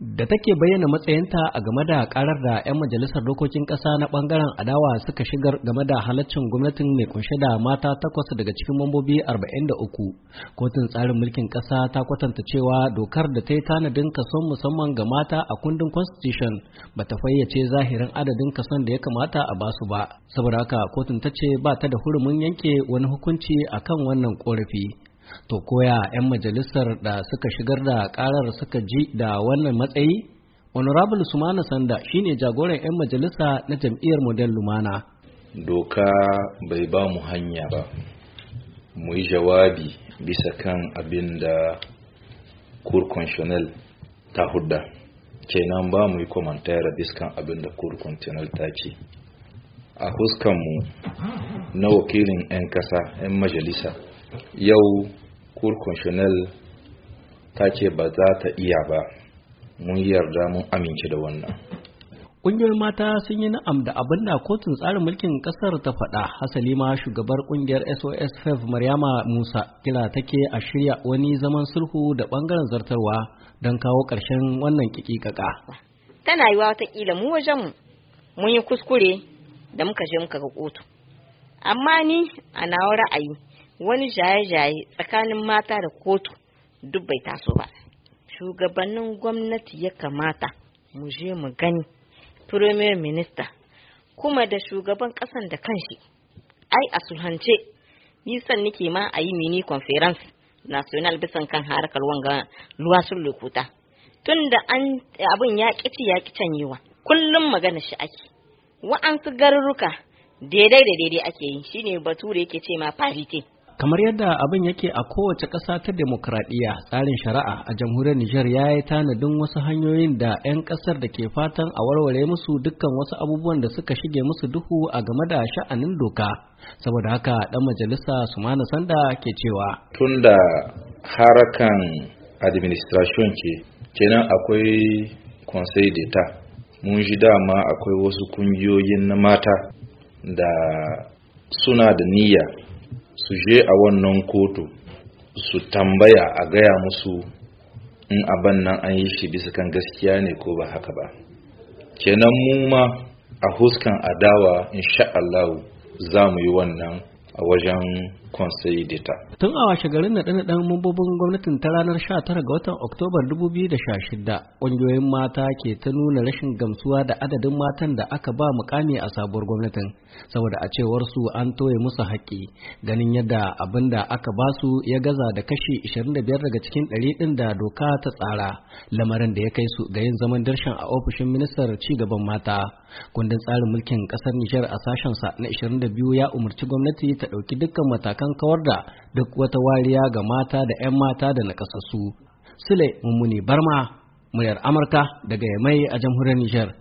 da take bayyana matsayinta a game da karar da 'yan majalisar dokokin ƙasa na ɓangaren adawa suka shigar game da halaccin gwamnatin mai kunshe da mata takwas daga cikin mambobi 43 kotun tsarin mulkin ƙasa ta kwatanta cewa dokar da ta yi tanadin kason musamman ga mata a kundin constitution ba ta fayyace zahirin adadin kason da ya kamata a basu ba saboda haka kotun ta ce ba ta da hurumin yanke wani hukunci akan wannan korafi to koya 'yan majalisar da suka shigar da karar suka ji da wannan matsayi honorable sumana sanda shine jagoran 'yan majalisa na jam'iyyar model lumana doka bai ba mu hanya ba mu yi jawabi bisa kan abin da cour constitutionnel ta hudda kenan ba mu yi komantara biskan abin da cour constitutionnel ta ce a mu na wakilin 'yan kasa 'yan majalisa yau cour constitutionnelle ta ce ba za ta iya ba mun yarda mun amince da wannan Ƙungiyar mata sun yi na'am da abin da kotun tsarin mulkin ƙasar ta faɗa hasali ma shugabar ƙungiyar SOS FEV Maryama Musa kira take a shirya wani zaman sulhu da ɓangaren zartarwa don kawo ƙarshen wannan ƙiƙiƙaƙa. Tana yiwa watakila mu wajenmu mun yi kuskure da muka je muka ga kotu. Amma ni a nawa ra'ayi wani jaye-jaye tsakanin mata da kotu duk bai taso ba shugabannin gwamnati ya kamata mu je mu gani premier minister kuma da shugaban kasan da kanshi ai a sulhance nisan nike ma a yi mini conference national bisan kan harkar wanga luwasun lokuta tun da abin ya kici ya ki canyewa kullum magana shi ake wa'ansu garuruka daidai da daidai ake yi shine bature yake ce ma parity kamar yadda abin yake a kowace ƙasa ta demokradiyya tsarin shari'a a jamhuriyar Nijar ya yi tanadin wasu hanyoyin da 'yan ƙasar da ke fatan a warware musu dukkan wasu abubuwan da suka shige musu duhu a game da sha'anin doka saboda haka ɗan majalisa sumana sanda ke cewa tun da harakan administration ce kenan akwai conseil d'etat mun ji dama akwai wasu kungiyoyin na mata da suna da niyya su je a wannan kotu su tambaya a gaya musu in abin nan an yi shi bisa kan gaskiya ne ko ba haka ba kenan mu ma a huskan adawa insha Allah za mu yi wannan a wajen conseil d'etat tun a washe garin na ɗan mambobin gwamnatin ta ranar 19 ga watan oktobar 2016 ƙungiyoyin mata ke ta nuna rashin gamsuwa da adadin matan da aka ba mukami a sabuwar gwamnatin saboda a cewar su an toye musu haƙƙi ganin yadda abin da aka ba su ya gaza da kashi 25 daga cikin 100 ɗin da doka ta tsara lamarin da ya kai su ga yin zaman darshan a ofishin ministar ci gaban mata kundin tsarin mulkin ƙasar Nijar a sashensa na 22 ya umarci gwamnati ta ɗauki dukkan matakan Kan kawar da duk wata wariya ga mata da 'yan mata da nakasassu. Sule Mummuni Barma, muryar Amurka daga Yamai a jamhuriyar Nijar.